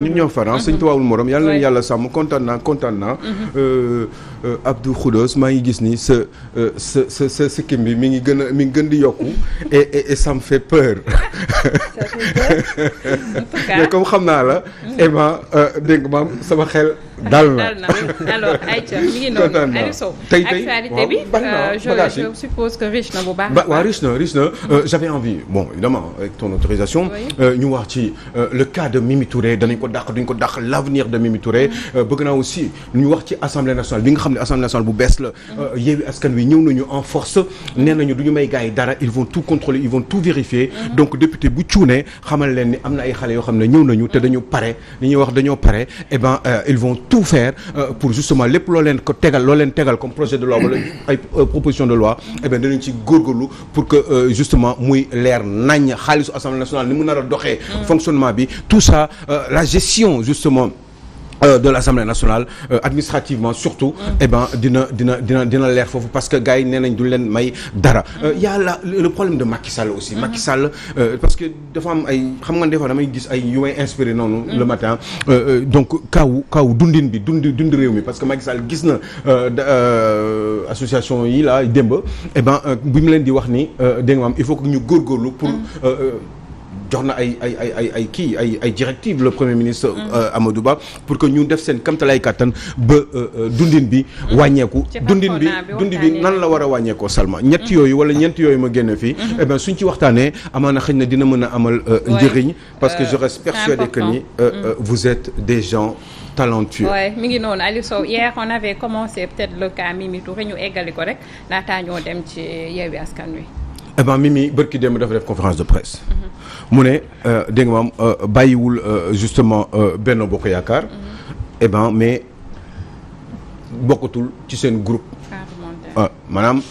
ñun ñoo faran mhm. sëñ tuwaawul moroom yàlla na yàlla sàmm kontaan naa kontaan naa mhm. euh, euh, maa ngi gis ni sa euh, sa sa bi mi ngi gën a mi ngi gën di yokku et et fait peur mais comme xam naa la mhm. Emma dégg nga sama xel dal na tey tey actualité bi je suppose que riche na bu baax waaw j'avais envie évidemment avec ton autorisation ñu wax ci le cas de Mimi danañ ko ko dàq duñ ko dàq l' avenir de Mimi Touré euh, bëgg naa aussi ñu wax ci assemblée nationale bi nga xam ne assemblée nationale bu bees la. Euh, Yewwi Askan Wi ñëw nañu en force nee nañu du ñu may gars mhm. bu cuune xamal leen ni am na ay xale yoo xam ne ñëw nañu te dañu pare li ñuy wax dañoo pare et eh euh, ils vont tout faire pour justement lépp loo ko tegal loo tegal comme projet de loi wala ay proposition de loi et eh ben danañ ci góorgóorlu pour que justement muy leer nañ xaalisu assemblée nationale a doxee mhm. gestion justement Euh, de l'Assemblée nationale euh, administrativement surtout mm. Eh dina dina dina dina leer foofu parce que gars yi nee nañ du leen may dara euh, mm. yàlla a la le problème de Macky Sall aussi mm. Sall euh, parce que dafa am ay xam nga des fois damay gis ay yu may inspiré noonu le mm. matin euh, donc kaw kaw dundin bi dund dund réew mi parce que Macky Sall gis na association yi la démb eh ben bi mu leen di wax ni dégg am il faut que ñu góorgóorlu pour mm. jox na ay ay ay ay ay kii ay ay directives le premier ministre. Mm-hmm. Euh, Amadou Ba pour que ñu def seen kamtalay kàttan ba euh, euh, dundin bi. Mm-hmm. wàññeeku dundin bi dundin bi nan la war a wàññeekoo Salma. ñett yooyu wala mm-hmm. ñeent yooyu ma génn fii. eh bien suñ ci waxtaanee amaana xëy na dina mën a amal. njëriñ parce que je reste persuadé que ni vous êtes des gens. talentueux waaye mi ngi noonu Aliou Sow hier on commencé peut-être le cas Mimi Touré ñu eggali ko rek laataa dem ci Yewwi Askan Wi. eh ben Mimi bërki démb dafa def conférence de presse. Mm-hmm. mu ne euh, dégg nga maam euh, bàyyiwul euh, justement Benno Bokk Yaakaar. Mm-hmm. eh ben mais bokkatul ci seen groupe. maanaam.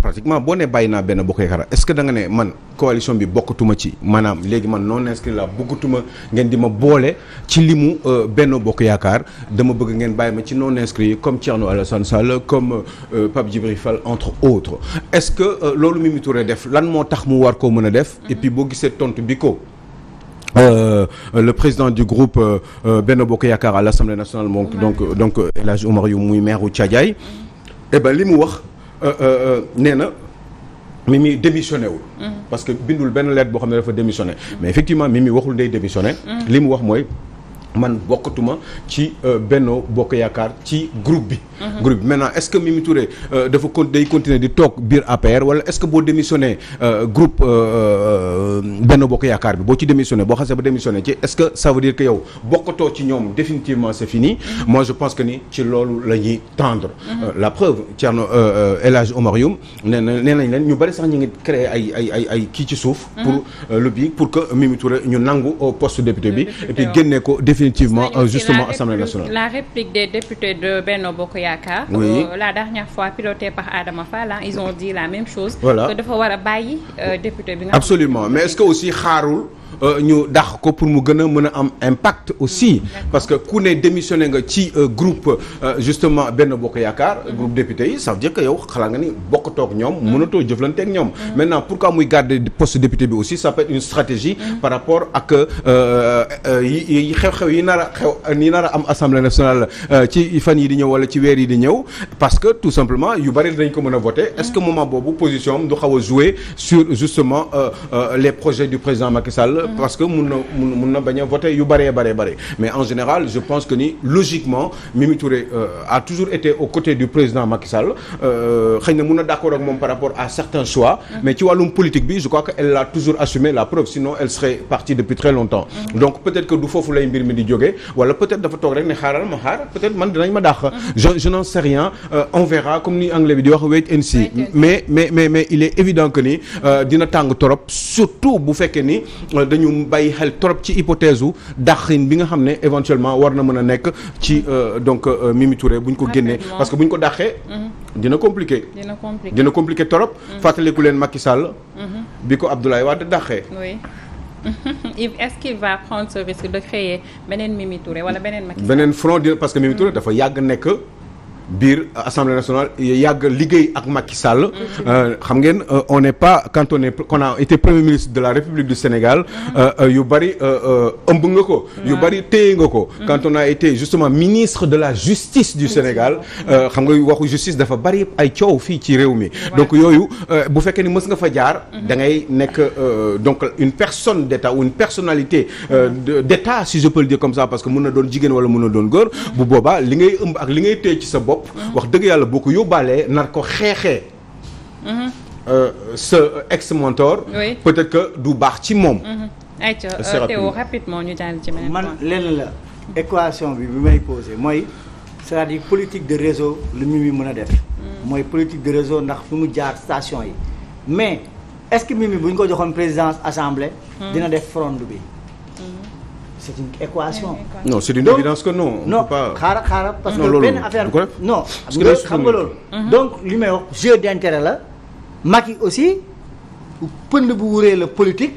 pratiquement boo nee bàyyi naa benn bokk yaakaar est ce que da nga ne man coalition bi bokkatuma ci maanaam léegi man non inscrit la bëggatuma ngeen di ma boole ci li limu euh, benn bokk yaakaar dama bëgg ngeen bàyyi ma ci non inscrit yi comme Thierno Alassane Sall comme euh, Pape Djibril Fall entre autres est ce que euh, loolu mu Mimi Touré def lan moo tax mu war koo mën a def mm-hmm. et puis boo gisee tontu bi ko Euh, le président du groupe benn Bokk Yaakaar à l'Assemblée nationale donc donc donc El Hadj Omar muy maire wu Thiadiaye mm-hmm. eh wax Euh, euh, euh, nee na Mimi démissionné wul. Mm-hmm. parce que bindul benn lettre boo xam ne dafa démissionné. Mm-hmm. mais effectivement Mimi waxul day démissionné. Mm-hmm. li mu wax mooy. man bokkatuma ci euh, Benno Bokk Yaakaar ci groupe bi. Mhm. group bi maintenant est-ce que Mimi Touré euh, dafa con day continuer di toog biir APR wala est-ce que boo démissionné euh, groupe Benno Bokk Yaakaar bi boo ci démissionné boo xasee ba démissionné ci est-ce que ça veut dire que yow bokkatoo ci ñoom définitivement c'est fini. Mhm. moi je pense que ni ci loolu la ñuy tendre. Mhm. la preuve Thierno El Hadj Omar Youm nee na nee nañ leen ñu bari sax ñu ngi créer ay ay ay ay kii ci suuf. pour lobby pour que Mimi ñu nangu au poste député bi et définitivement justement Assemblée nationale. la réplique des députés de Benno Bokk Yaakaar. Euh, la dernière fois pilotée par Adama Fall ils ont dit la même chose. voilà que dafa war a bàyyi euh, député bi nga. absolument mais est-ce que aussi xaarul. Euh, ñu dàq ko pour mu gën a mën a am impact aussi parce que ku ne démissionné nga ci euh, groupe euh, justement benn Bokk Yaakaar mm-hmm. groupe député yi ça veut dire que yow xalaa nga ni bokk toog ñoom mënatoo jëflante ak ñoom pour mm-hmm. mm-hmm. pourquoi muy garder poste député bi aussi sa peut une stratégie par rapport ak yi xew-xew yi nar a xew yi nar a am assemblée nationale ci fan yi di ñëw wala ci weer yi di ñëw parce que tout simplement yu bari dañ ko mën a voter est-ce que moment boobu position am du a jouer sur justement les projets du président Macky Sall Euh, parce que mun na mun na a voter yu bëree bëree bëri mais en général je pense que ni logiquement Mimi euh, a toujours été aux côtés du président Macky Sall euh, xëy mun na d'accord ak moom par rapport à certains choix mm-hmm. mais ci wàllum politique bi je crois que elle l'a toujours assumé la preuve sinon elle serait partie depuis très longtemps mm-hmm. donc peut-être que du foofu lay mbir di jógee wala peut-être dafa toog rek ne xaaral ma xaar peut-être man dinañ ma dàq mm-hmm. dañu bàyyi xel trop ci hypothèse u dàqin bi nga xam ne éventuellement war na mën a nekk ci euh, donc euh, Mimi bu ñu ko génnee parce que bu ñu ko dàqee mhm. dina compliqué dina compliqué trop mhm. fàttaliku leen Macky Sall mhm. bi ko Abdoulaye Wade dàqee est-ce qu'il va de créer beneen Mimi Touré wala beneen Macky Sall beneen front parce que Mimi dafa yàgg nekk biir assemblée nationale yàgg liggéey ak Macky Sall. Euh, xam ngeen euh, on n'est pas quand on est premier ministre de la République du Sénégal. Euh, yu bari ëmb nga ko. yu bari téye nga ko. Mm-hmm. quand on a été justement ministre de la justice du Sénégal. xam nga waxu justice dafa bari ay coow fii ci réew mi. donc yooyu bu fekkee ni mës nga fa jaar. Mm-hmm. da ngay nekk donc une personne d'état ou une personnalité d'état si je comme ça parce que mën na doon jigéen wala mun na doon góor. Mm-hmm. bu boobaa li ngay ëmb ci sa bopp. bopp. wax dëgg yàlla boo ko yóbbaalee nar ko xeexee. sa ex mentor. oui peut que du baax ci moom. Mm-hmm. ayca euh, Théo rapidement ñu daal man lenn la équation bi bi may posé mooy c'est-à-dire politique de réseau lu Mimi mën a def. Mm. mooy politique de réseau ndax fu mu jaar station yi mais est-ce que Mimi bu ñu ko joxoon présidence assemblée. Mm. dina def fronde bi. c'est une équation. non c'est une que non. on peut pas xaaral xaaral parce que benn affaire non xam nga loolu. Mhm. donc li may wax jeu d'intérêt la. Macky aussi pënd bu wuree la politique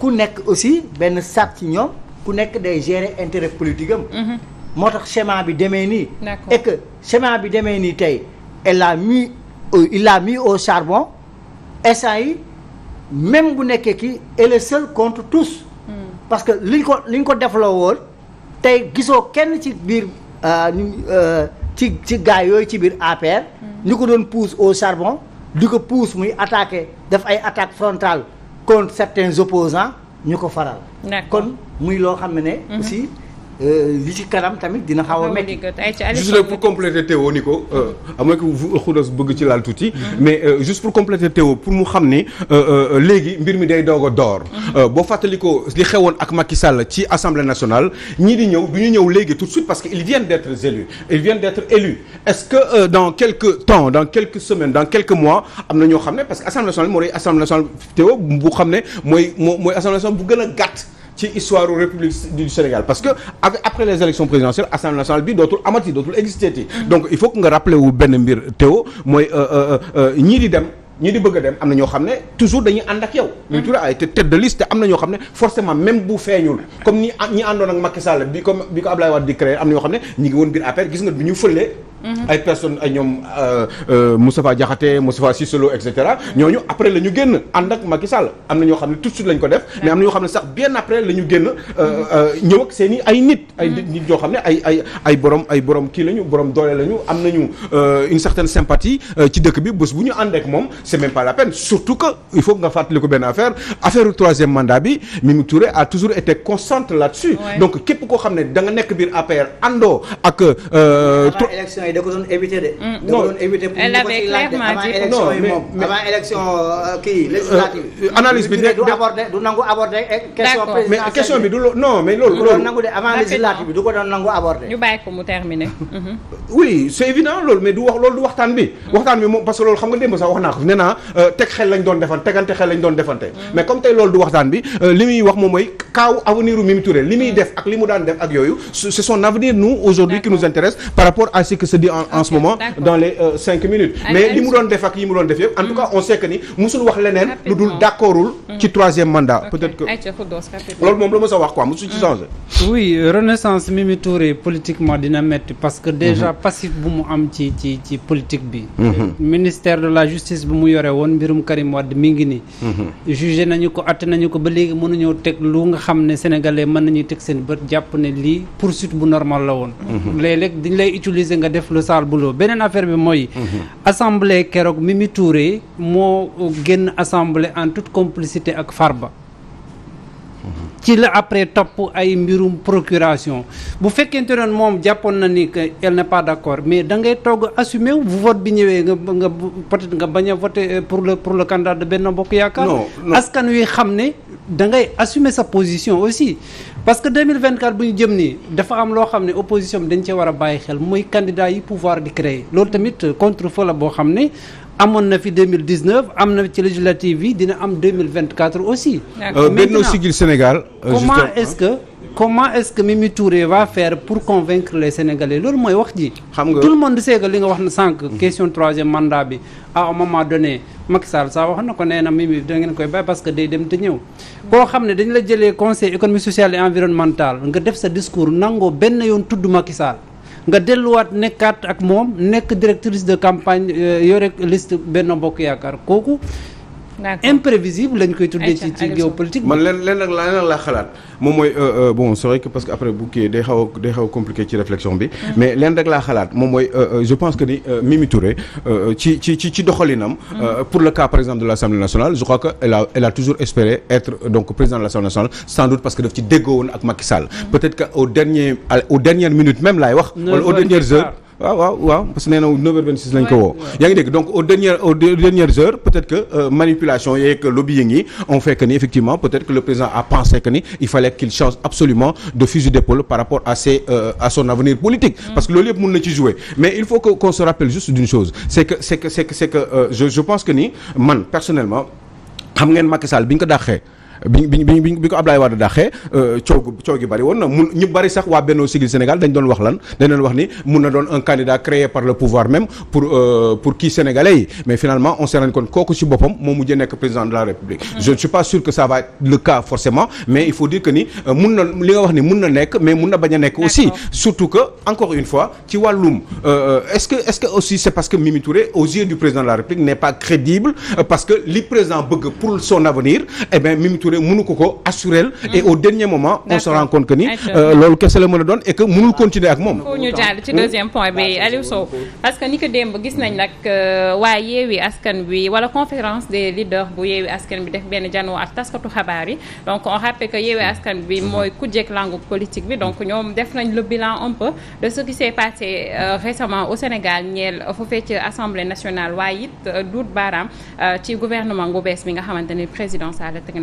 ku nekk aussi benn sàcc ci ñoom ku nekk day gérer intérêt politique mhm. moo tax schéma bi demee nii. et que schéma bi demee nii tey elle la mis euh, il a mis au charbon instant yi même bu nekkee ki elle est seule contre tous. parce que liñ ko liñ ko defloo woon tey gisoo kenn ci biir euh, euh, ci ci gaay yooyu ci biir APR. Mm. ñu ko doon pousse au charbon di ko pousse muy attaqué def ay attaque frontale contre certains opposants ñu ko faral. kon muy loo xam ne mm-hmm. aussi. li ci kanam tamit dina xaw a métti juste là pour compléter Théo ni ko ko bëgg ci laal tuuti mm-hmm. mais euh, juste pour compléter Théo pour mu xam ni euh, euh, léegi mbir mi day doog a door mm-hmm. boo fàttali ko li xewoon ak Macky Sall ci assemblée nationale ñii di ñëw du ñu ñëw léegi tout de suite parce que ils viennent d'être élus ils viennent d'être élus est-ce que dans quelques temps dans quelques semaines dans quelques mois am na ñoo xam ne parce que assemblée nationale moo rey assemblée nationale Théo bu xam ne mooy moo mooy assemblée nationale gën a gàtt ci histoire république du Sénégal parce que après les élections présidentielles assemblée nationale bi dootul amati dootul existeeti donc il faut que nga rappeler wu benn mbir Théo mooy euh, euh, euh, ñii di dem ñii di bëgg a dem am na ñoo xam ne toujours dañuy ànd ak yow. lu ñu tuddee ay am na ñoo xam ne forcément même bu feeñul comme ni ñi àndoon ak Macky Sall bi comme bi ko Abdoulaye Wade di créer am na ñoo xam ne ñi ngi woon biir APR gis nga bi ñu fëlee. Mm-hmm. ay personnes ay ñoom euh, euh, Moustapha Diakhaté Moustapha Cissolo et cetera ñooñu après la ñu génn ànd ak Macky Sall am na ñoo xam ne tout de suite la ko def mais am na ñoo xam ne sax bien après la ñu génn euh, ñëw ak seen ay nit ay mm-hmm. nit ñoo xam ne ay ay ay borom ay borom kii la ñu borom doole la ñu am nañu une certaine sympathie ci dëkk bi bés bu ñu ànd ak moom c'est même pas la surtout que il faut nga fàttali ko benn affaire affaire troisième mandat bi Mimi Touré a toujours été constante là-dessus donc képp koo xam ne da nekk biir APR àndoo ak da ko doon éviter de. Mm. da ko doon éviter pour ñu ko ci laaj de élection yi moom avant élection euh, kii euh, législative. Euh, analyse bi du aborder du nangu aborder eh, question présidentielle question bi du non mais loolu. loolu nangu de avant législative bi du ko doon nangu aborder. ñu bàyyi ko mu terminer. Mhm. oui c'est évident loolu mais du wax loolu du waxtaan bi. waxtaan bi moom parce que loolu xam nga démb sax wax naa ko nee euh, teg xel lañ doon defan tegante xel lañ doon defante. Mm. mais comme tey loolu du waxtaan bi euh, li muy wax moom mooy kaaw avenir u Mimi Touré li muy mm. def ak li mu daan def ak yooyu c'est son avenir nous aujourd'hui qui nous intéresse par rapport à ce qui se dit en ce moment. dans les euh, cinq minutes. mais li mu doon def ak yi mu doon def yëpp. passif bu mu am ci ci ci politique bi. Mhm. ministère de la justice bi mu yore woon mbirum Karim Wade mi ngi ni mhm. jugé nañu ko atte nañu ko ba léegi mënuñoo teg lu nga xam ne sénégalais mën nañu teg seen bët jàpp ne lii poursuite bu normal la woon. Mhm. léeg-léeg dañ lay utiliser nga def le sale boulot beneen affaire bi mooy. assemblée keroog Mimi Touré moo génn assemblée en toute complicité ak ba ci la après topp ay mbirum procuration bu fekkente ne moom jàppoon na ni que elle n'est pas d'accord mais da ngay toog assumer wu vote bi ñëwee nga nga peut-être nga bañ a euh, pour le pour le candidat de Benno Bokk Yaakaar. askan wi xam ne da ngay assumer sa position aussi parce que 2024 bu ñu jëm nii dafa am loo xam ne opposition bi dañ cee war a bàyyi xel mooy candidat yi pouvoir di créer loolu tamit euh, contre-feu la boo xam ne. amoon na fi 2019 am na ci législative yi dina am 2024 aussi. d'accord euh, maintenant Benno Sénégal. Euh, comment est-ce que comment est-ce que Mimi Touré va faire pour convaincre les Sénégalais loolu mooy wax ji. xam nga tout le monde sait que li nga wax na sànq. question troisième mandat bi à un moment donné Macky Sall saa wax na ko nee na Mimi da ngeen koy bàyyi parce que day dem te ñëw. koo xam ne dañ la jëlee conseil économique social et environnemental nga def sa discours nangoo benn yoon tudd Macky Sall nga delluwaat nekkaat ak moom nekk directrice de campagne euh, yore liste Benno Bokk Yaakaar kooku. imprévisible lañ koy tuddee ci géopolitique man leen leen nag laa laa xalaat moom mooy euh, euh, bon c'est vrai que parce que après a day xaw a compliqué ci réflexion bi mm. mais leen rek laa xalaat moom mooy euh, je pense que ni Mimi Touré ci ci ci ci doxalinam mm. pour le cas par exemple de l'Assemblée nationale je crois que elle a elle a toujours espéré être donc président de l'Assemblée nationale sans doute parce que daf ci déggoo woon ak Macky Sall mm. peut-être que au dernier au dernière minute même laay wax wala aux dernières waaw waaw waaw parce que nee na 9h26 lañ ko woo. yaa ngi dégg donc aux dernières heures peut-être que euh, manipulation yeeg lobbying yi ont fait que ni effectivement peut-être que le président a pensé que ni il fallait qu'il change absolument de fusil d'épaule par rapport à ses euh, à son avenir politique. Mm. parce que loolu yëpp mën na ci jouer mais il faut que qu'on rappelle juste d'une chose c'est que c'est que euh, je pense que ni man personnellement bi bi bi bi ko Abdoulaye Wade dàqee euh, sax waa Benno Siggil Sénégal dañ doon wax lan dañ doon wax ni mun na doon un candidat créé par le pouvoir même pour euh, pour kii sénégalais mais finalement on s'est rendu compte kooku si boppam moo mujjee nekk président de la République mm. je ne suis pas sûr que ça va le cas forcément mais il faut dire que ni euh, li nga wax ni mun na nekk mais mun na bañ nekk aussi surtout que encore une fois ci wàllum est-ce que est-ce que aussi c'est parce réew mënu ko ko assurel et mm. au dernier moment on se rend compte que euh, loolu kese la mën a doon et mënul continuer ak moom bi Aliou Sow parce que ni ko démb gis nañ nag euh, waa yeewi askan bi wala conférence des leaders bu yeewi askan bi def benn janoo ak taskatu xabaar yi donc on rappelle que yeewi askan bi mhm. mooy kujjeek langue politique bi donc ñoom def nañ le bilan un peu de ce qui s'est passé euh, récemment au Sénégal ñeel foofee ci assemblée nationale waaye it duut baaraam ci gouvernement bu bees bi ne président Sall teg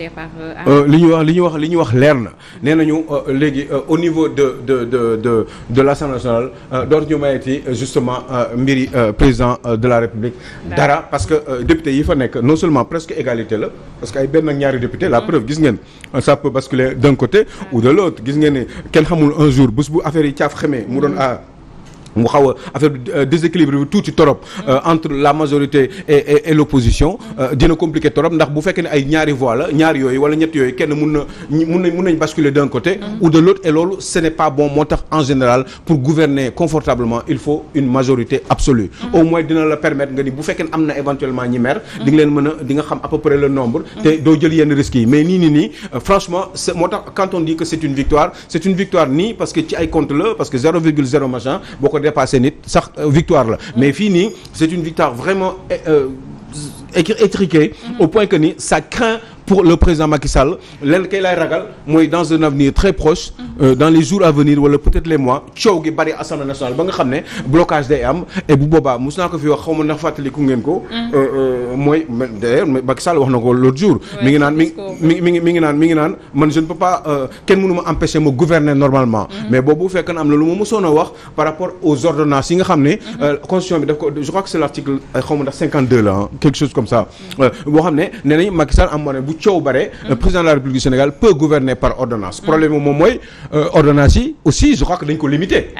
Euh, euh, li ñu wax li ñu wax li ñu wax leer na nee nañu euh, léegi au niveau de de de de de l'Assemblée nationale dootuñu mayeti justement mbiri président de la République. dara parce que député yi fa nekk non seulement presque égalité la parce que ay benn ak ñaari député la mm-hmm. preuve gis ngeen ça peut basculer d'un côté ou de l'autre gis ngeen ne kenn xamul un jour bés bu affaire yi caaf xamee mu doon mm-hmm. à. mu xaw a affaire euh, déséquilibre bi tuuti torop euh, entre la majorité et l'opposition euh, dina compliqué torop ndax bu fekkee ne ay ñaari voix ñaari yooyu wala ñett yooyu kenn mun na mun nañ mun d'un côté mmh. ou de l'autre et loolu ce n'est pas bon moo tax en général pour gouverner confortablement il faut une majorité absolue mmh. au moins dina la permettre nga ni bu fekkee ne am na éventuellement ñi mer mmh. di leen mën a di nga xam à le nombre te doo jël yenn risques dépasser nit sax euh, victoire la mm. mais fii nii c'est une victoire vraiment euh, étriquée mm. au point que ni ça craint pour le président Macky Sall lenn kay lay ragal mooy dans avenir très proche mhm. euh, dans les jours à venir wala peut-être les mois coow gi bari assemblée nationale ba nga xam ne blocage day am et bu boobaa naa ko fi wax xaw ma ndax fàttaliku ngeen ko. Mhm. Euh, euh, mooy d'ailleurs Macky wax na ko l'autre jour. mi ngi naan mi ngi mi ngi mi naan mi ngi naan man je ne kenn mënu empêcher ma gouverner normalement. Mhm. mais boobu bu fekkee am na lu ma mosoon wax par rapport aux ordonnances yi nga ma ndax 52 la ah quelque chose comme coow bare. Euh, président la République Sénégal peut gouverner par ordonnance. problème moom mooy euh, ordonnance yi aussi je ko limité.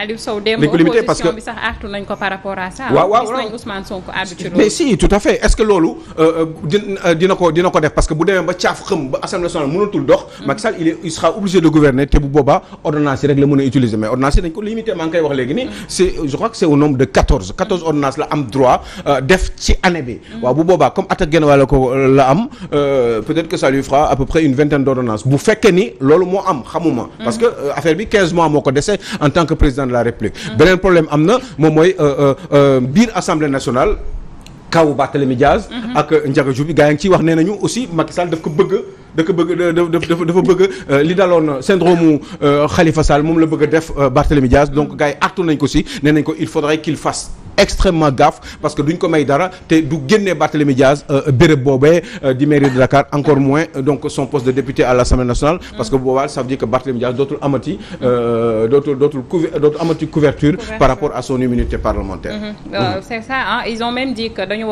Euh, dina ko def parce que bu demee ba caaf xëm ba assemblée nationale mënatul dox. Macky il est il obligé de gouverner te bu boobaa ordonnance yi rek la mën a utiliser mais ordonnance yi dañ ko limité maa ngi koy wax léegi nii. Mm. c'est je crois que c'est au nombre de quatorze. quatorze mm. ordonnances la am droit def ci année bi. Mm. waaw bu peut-être que ça lui fera une vingtaine d'ordonnances bu fekkee ni loolu moo am xamuma mm-hmm. parce que euh, affaire bi 15 mois moo ko dese en tant que président de la République mm-hmm. beneen problème am na moom mooy euh, euh, biir Assemblée nationale kaw Barthélemy Diaz mm-hmm. ak Ndiaga Diouf bi gaa ngi ciy wax nee ñu aussi Macky Sall daf ko bëgg da ko bëgg dafa dafa bëgg li daloon syndrome mu Khalifa Sall moom la bëgg a def Barthélemy Diaz donc gaa yi artu nañ ko si nee nañ ko il faudrait qu'il fasse extrêmement gaffe parce que duñ ko may dara te du génnee Barthélémy Diaz euh, béréb boobee euh, di mairie de Dakar encore moins euh, donc son poste de député à l'Assemblée nationale parce que boobaa ça veut dire que Barthélémy Diaz dootul amati dootul couverture par rapport à son immunité parlementaire mm-hmm. Mm-hmm. c'est ça ah ils ont même dit que dañu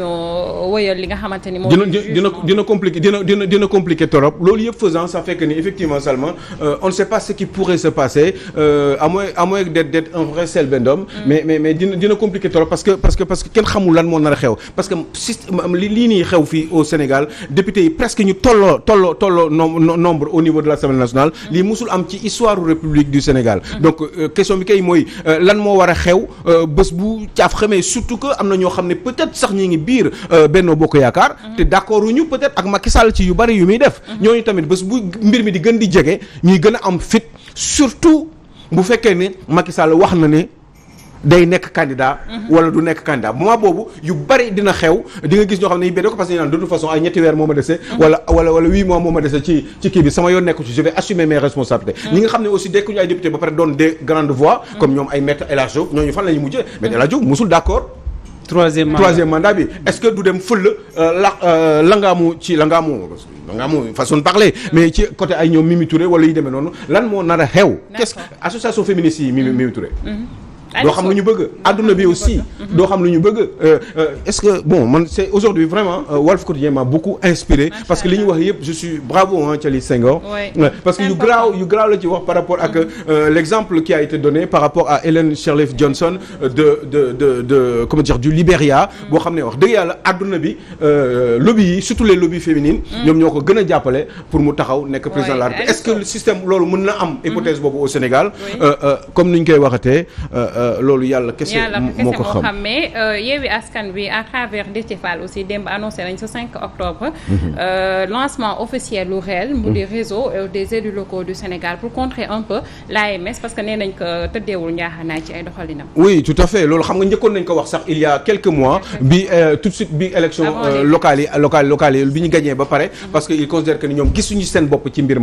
ñoo wëyal li nga xamante ni moom dina dina compliqué dina dina dina compliqué torop loolu yëpp faisant ça fait que ni effectivement seulement on ne sait pas ce qui pourrait se joxe Selbé Ndom mais mais mais dina dina compliqué trop parce que parce que kenn xamul lan moo nar a xew parce que système li nii xew fii au Sénégal député yi presque ñu tolloo tolloo nombre au niveau de l'Assemblée nationale mm. lii musul am ci histoire République du Sénégal mm. donc euh, question bi kay mooy euh, lan moo war xew euh, bés bu caaf xamee surtout que am na ñoo xam ne peut-être sax ñi ngi biir Benno Bokk Yaakaar mm. te d'accord uñu peut-être ak Macky Sall ci yu bari yu muy def ñooñu tamit bés bu mi di gën di bu fekkee ni Macky Sall wax na ne day nekk candidat. wala du nekk candidat moment boobu yu bari dina xew di nga gis ñoo xam ne benn ko parce que naan de toute façon ay ñetti weer moo ma dese. wala wala wala huit mois moo ma dese ci ci kii bi sama yoon nekku ci je vais assumer mes ñi nga xam ne aussi dëkk ñu ay député ba pare doon des grandes voix. comme ñoom ay maître El Hadj Diouf ñooñu fan la ñu mais El Hadj d'accord. troisième mandat bi est-ce que du dem fël euh, la euh, langaamu ci langaamu. donc nga am façon de parler mais ci côté ay ñoom Mimi Touré wala yu demee noonu lan moo nar a xew. qu'est-ce association féministe yi Mimi Mimi Touré. Mm-hmm. doo xam lu ñu bëgg àdduna bi aussi doo xam lu ñu bëgg est-ce que bon man c'est aujourd'hui vraiment euh, Walf Quotidien m'a beaucoup inspiré parce que li ñu wax yëpp je suis bravo hein Thialy Senghor euh, parce que yu graaw yu graaw la ci wax par rapport ak mm-hmm. euh, l'exemple qui a été donné par rapport a Ellen Shirley Johnson de de de de comment dire du Libéria mm-hmm. boo xam ne wax dëgg yàlla àdduna bi lobby yi surtout les lobbies féminines mm-hmm. ñoom ñoo ko gën jàppale pour mu taxaw nekk président la est-ce que le loolu mën na am hypothèse boobu au Sénégal comme ni ñu koy waxatee Euh, loolu yàlla kese moo ko xam mais euh, Yewwi Askan Wi à travers Déthié Fall aussi démb annoncé nañ ce 5 octobre mhm. euh, lancement officiel lu réel mu di mhm. réseau des élus locaux pour contrer un peu l'AMS parce que nee nañ ko tëddeewul njaaxanaay ci ay doxalinam oui tout à fait loolu xam nga njëkkoon nañ ko wax sax il y a quelques mois bi tout suite bi élection locales locales bi ñu gagné ba pare mhm. parce que ils considèrent que ni ñoom gisuñu seen bopp ci mbir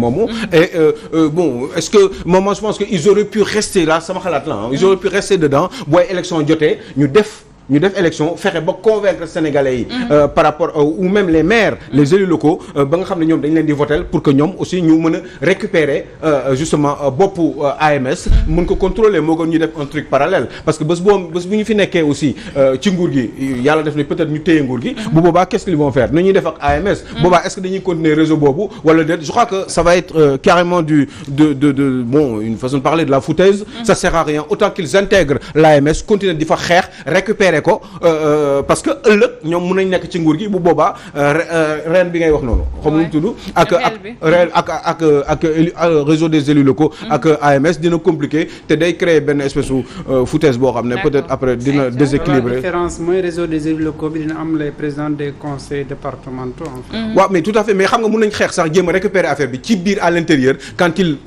de dedans booy élection jotee ñu def ñu def élection fexe ba convaincre sénégalais yi. Mm-hmm. Euh, par rapport euh, ou même les maires. Mm-hmm. les élus locaux euh, ba nga xam ne ñoom dañ leen di voter pour que ñoom aussi ñu mën a récupérer euh, justement euh, boppu AMS. Mm-hmm. mën ko contrôler moo gën ñu def un truc parallèle parce que bés boo bés bu ñu fi nekkee aussi ci nguur gi yàlla def na peut-être ñu téye nguur gi. bu boobaa qu'est-ce qu'ils vont faire nu ñuy def ak AMS. boobaa est-ce que dañuy continuer réseau boobu wala de de di fa xeex récupérer. récupérer ko euh, euh, parce que ëllëg ñoom mun nañ nekk ci nguur gi bu boobaa euh, ren bi ngay wax noonu. xam nga mu tudd ak ak ak ak réseau des élus mm-hmm. ak AMS dina compliqué te day créer benn espèce su foutaise boo xam ne peut après dina déséquilibré. mooy réseau des élus locaux bi dina am les présidents des conseils départementaux. waaw mm-hmm. mais tout à fait mais xam nga mun nañ xeex sax jéem a récupérer affaire bi ci biir à l'intérieur quand ils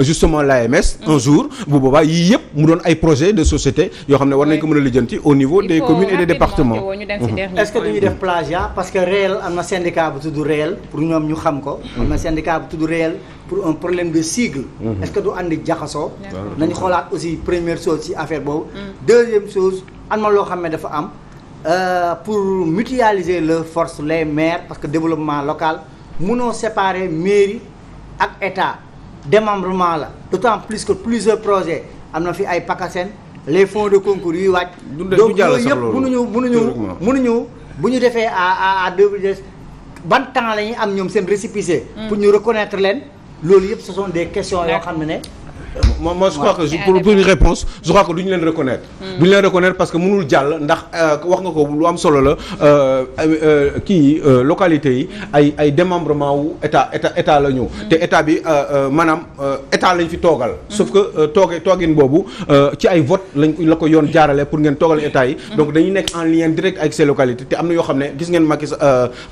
justement l'AMS un mm-hmm. doon ay projet de société yoo xam ne war nañ ko mën a ci au niveau des communes et des départements. Mhm. est-ce que dañuy def plagiat ah? parce que réel am na syndicat bu tudd réel pour ñoom ñu xam ko. Mhm. am na syndicat bu tudd réel pour un problème de sigle. Mhm. est-ce que du andi jaxasoo. nañu xoolaat aussi première chose ci affaire boobu. deuxième chose am na loo xam ne dafa am euh, pour mutualiser le force les maire parce que développement local mënoo séparer mairie ak état démembrement la d'autant plus que plusieurs projets am na fi ay PACASEN. les fonds de concours yuy wàcc. donc yooyu yëpp mënuñu mënuñu mënuñu bu ñu defee à à à deux ban temps la ñuy am ñoom seen récépissé. Hmm. pour ñu reconnaitre leen. loolu yëpp ce sont des questions yoo xam ne ne. Euh, moi, moi je crois que pour pour une du ñu leen reconnaître hmm. du ñu leen reconnaître parce que mënul jàll ndax euh, wax nga ko lu am solo la euh, kii localité yi hmm. ay ay démembrement wu état état état la ñu hmm. te état bi maanaam état lañ fi toogal sauf que tooge toogin boobu ci ay vote lañ la ko yoon jaarale pour ngeen toogal état yi donc dañuy nekk en lien direct avec ces localités te am na yoo xam ne gis ngeen Macky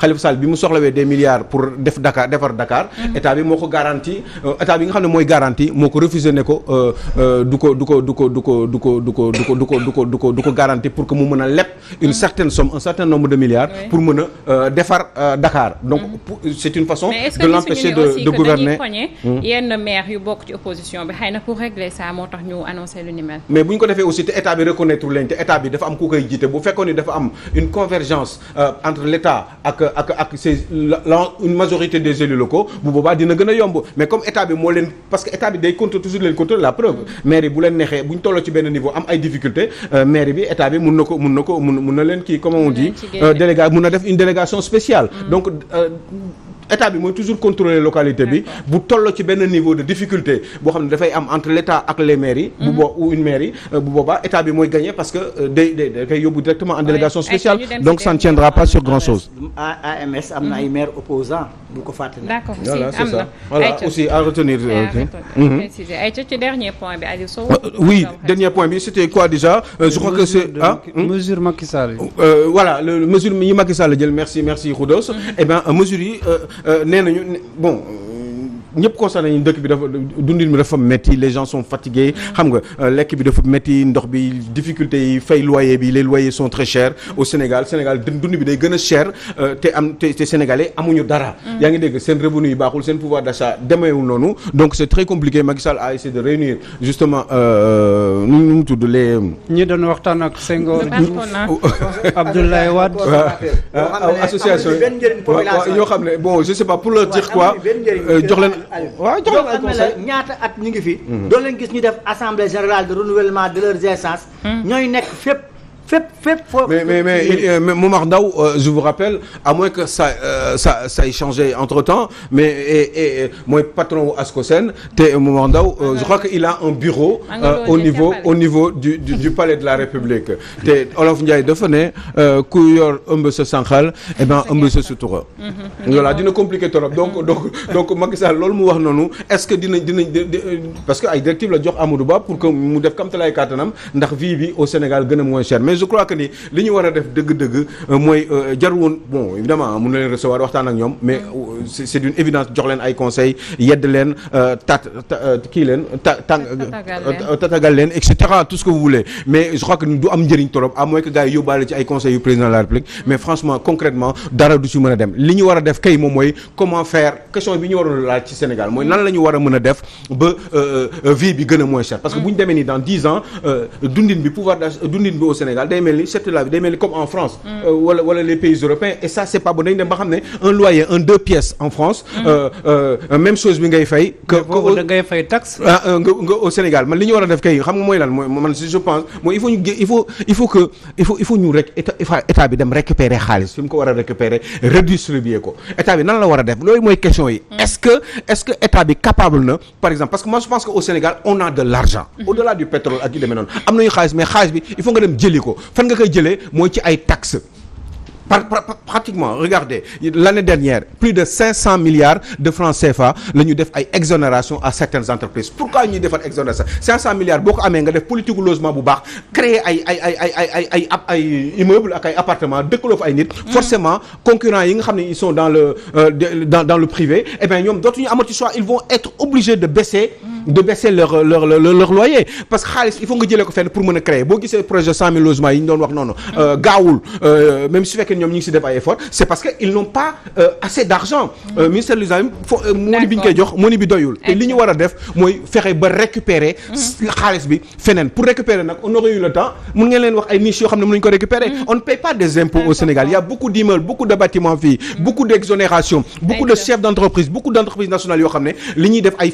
Khalifa Sall bi mu soxlawee des milliards pour def Dakar defar Dakar état bi moo xam ne mooy garanti moo ne ko du ko du ko du ko du ko du ko du ko du ko du ko du ko du ko du ko garanti pour que mu mën a leb une certaine somme un certain nombre de milliards pour mën a defar Dakar donc c'est une façon de l'empêcher de de mais bu ñu ko defee aussi te état bi reconnaître leen te état bi dafa am ku koy jiite bu fekkoon ni dafa am une convergence entre l'état ak ak ak ses une majorité des élus locaux bu boobaa dina gën yomb mais comme état bi toujours leen contrôler la preuve mairie bu leen neexee bu tolloo ci benn niveau am ay difficulté euh, mairie bi état bi mun na ko mun na ko mun na leen kii comment on dit euh, déléga mun na def une délégation spéciale mm. donc euh, état bi mooy toujours contrôler localité bi bu tolloo ci benn niveau de difficulté boo xam ne dafay am entre l' ak les maires bu mhm. bo ou une maire euh, bu boobaa état bi mooy gagné parce que euh, day day dafay yóbbu directement en délégation spéciale donc ça ne tiendra pas sur grand chose AMS am na ay mhm. maire opposant bu ko fàttali d'accord voilà c'est ça voilà aussi euh, mhm. bi Aliou Sow oui dernier point bi c'était quoi déjà je crois que c'est ah hmm? mesure Macky Sall voilà mesure yi Macky Sall jël merci merci Khoudos eh Euh, nee nañu bon ñëpp constaté nañu dëkk bi dafa dundin bi dafa métti les gens sont fatigués xam nga euh, lekk bi dafa métti ndox bi difficulté yi fay loyer bi les loyers sont très chers au Sénégal Sénégal dund bi day gën a cher euh, te am te Sénégalais amuñu dara. Mm. yaa ngi dégg seen revenu yi baaxul seen pouvoir d'achat demeewul noonu donc c'est très compliqué Macky Sall a essayé de réunir justement euh, nu mu tudd les. ñi doon waxtaan ak Senghor Abdoulaye Wade. association yi ñoo xam ne bon je sais pas pour leur waaw jox ay conseil ñaata at ñu ngi fi. Mhm. doo gis ñu def assemblée générale de renouvellement de leurs instances. Mhm. ñooy nekk fépp. fépp fépp foo. mais mais mais euh, Momar Ndao euh, je vous rappelle à moins que sa euh, ça ça ait changé entre temps mais mooy patron wu Ascosen te Momar Ndao je crois que il a un bureau. au niveau au niveau du du palais de la République. te Olof Ndiaye dafa ne ku yor ëmb sa sànqal et eh ben ëmb sa sutura. voilà dina compliqué trop donc donc donc Macky wax noonu est-ce que dina dina parce que ay directives la jox Amadou Ba pour que mu def kam talaay kàttanam ndax vie au Sénégal gën moins cher je crois que ni li ñu war a def dëgg-dëgg euh, mooy euh, jarul woon bon évidemment mun na leen recevoir waxtaan ak ñoom mais mm. euh, c'est d'une évidence jox leen ay conseils yedd leen tat kii leen ta tàng tatagal leen et cetera tout ce que vous voulez mais je crois que du am njëriñ trop à moins que gars yi yóbbaale ci ay conseil yu président de la République mm. mais franchement concrètement dara du ci mën a dem li ñu war a def kay moom mooy comment faire question bi ñu waroon laaj ci Sénégal mooy nan la ñu war mën a def bi gën a moins cher parce que mm. bu ñu demee ni dans dix ans dundin bi pouvoir d'achat dundin bi day mel ni cherté la vie day mel ni comme en France euh, wala wala les pays européens et ça c'est pas bon dañu dem ba xam ne un loyer un deux pièces en France mm. euh, euh, même chose bi ngay fay que da ngay fay taxe ah, au Sénégal man li ñu war a def kay xam nga mooy lan mooy man je pense il faut ñu il faut il faut que il faut il état bi dem récupérer xaalis fi ko war a récupérer redistribuer ko état bi nan la war a def loolu mooy question yi mm. est-ce que est-ce que état fan nga koy jëlee mooy ci ay taxes. Par, par, pratiquement regardez l'année dernière plus de 500 milliards de francs CFA la ñu def ay exonération à certaines entreprises pourquoi ñuy defar exonération 500 milliards boo ko amee nga def politique logement bu baax créer ay ay ay ay ay ay ay immeuble ak ay appartement dëkkaloo fa ay nit hmm. forcément concurrents yi nga xam ne ils sont dans le euh, dans dans privé et eh ñoom dootuñu amati choix ils vont être obligés de baisser de baisser leur leur leur, leur loyer parce que xaalis il faut nga jëlee ko fenn pour mën a créer boo gisee projet cent mille logements yi ñu doon wax noonu. Euh, mm-hmm. gaawul euh, même su fekkee ñoom ñu ngi si def ay effort c' parce que ils n'ont pas euh, assez d' mm-hmm. ministère de fo moni ñu koy jox moni bi doyul. te li ñu war a def mooy fexe ba récupérer. Mm-hmm. xaalis bi feneen pour récupérer nag on aurait eu le temps mun ngeen leen wax ay niches yoo xam ne mën nañu ko récupérer. on ne paie pas des impôts au Sénégal il y a beaucoup yoo xam ne li ñuy def ay.